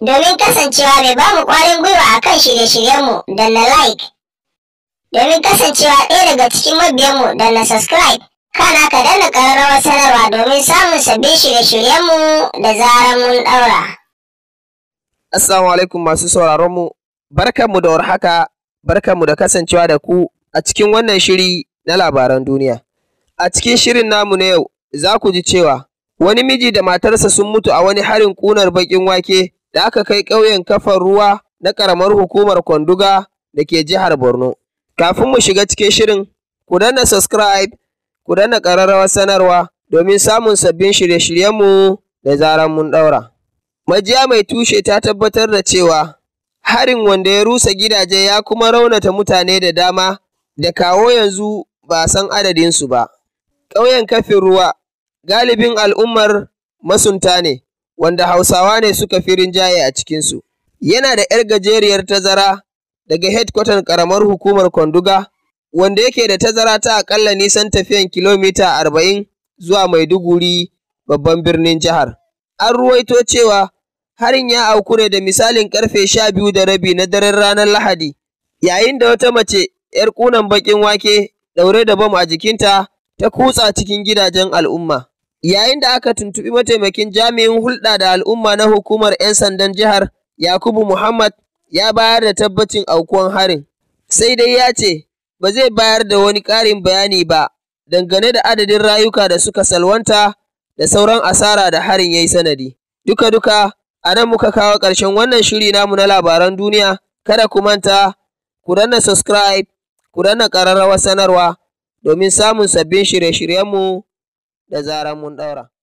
domin kasancewa mai bamu kwarin gwiwa a kan shirye-shiryenmu da na like domin kasancewa ɗaya daga cikin mabiyanmu da na subscribe kana ka danna ƙararrawar sanarwa domin samun sabbin shirye-shiryenmu da zarar mun ɗaura. Assalamu alaikum masu sauraronmu, barkanmu da warhaka, barkanmu da kasancewa da ku a cikin wannan shiri na labaran duniya. A cikin shirin namu na yau za ku ji cewa wani miji da matarsa sun mutu a wani harin ƙunar baƙin wake da aka kai ƙauyen kafar ruwa na ƙaramar hukumar Kwanduga da ke jihar Borno. Kafin mu shiga cikin shirin, ku danna subscribe, ku danna ƙararrawar sanarwa domin samun sabbin shirye-shiryenmu da zaran mun ɗaura. Majiya mai tushe ta tabbatar da cewa harin wanda ya rusa gidaje ya kuma raunata mutane da dama da kawo yanzu ba san adadinsu ba. Ƙauyen kafin ruwa galibin al'ummar masunta ne, wanda Hausawa ne suka fi rinjaye a cikinsu. Yana da ‘yar gajeriyar tazara daga hedkwatan ƙaramar hukumar Kwanduga, wanda yake da tazara ta aƙalla nisan tafiyan kilomita arba'in zuwa Maiduguri babban birnin jihar. An ruwaito cewa harin ya auku ne da misalin ƙarfe sha biyu da rabi na daren ranar Lahadi, yayin da wata mace ‘yar ƙunan baƙin wake ɗaure da bam a jikinta ta kutsa cikin gidajen al'umma. Yayin da aka tuntubi mataimakin jami'in hulɗa da al'umma na hukumar 'yan sandan jihar, Yakubu Muhammad ya bayar da tabbacin aukuwan harin, sai dai ya ce ba zai bayar da wani ƙarin bayani ba dangane da adadin rayuka da suka salwanta da sauran asara da harin ya yi sanadi. Duka-duka a nan muka kawo ƙarshen wannan shiri namu na labaran duniya, kada ku manta, ku danna subscribe, ku danna ƙararrawar sanarwa domin samun sabbin shirye-shiryenmu. da zarar mun ɗaura.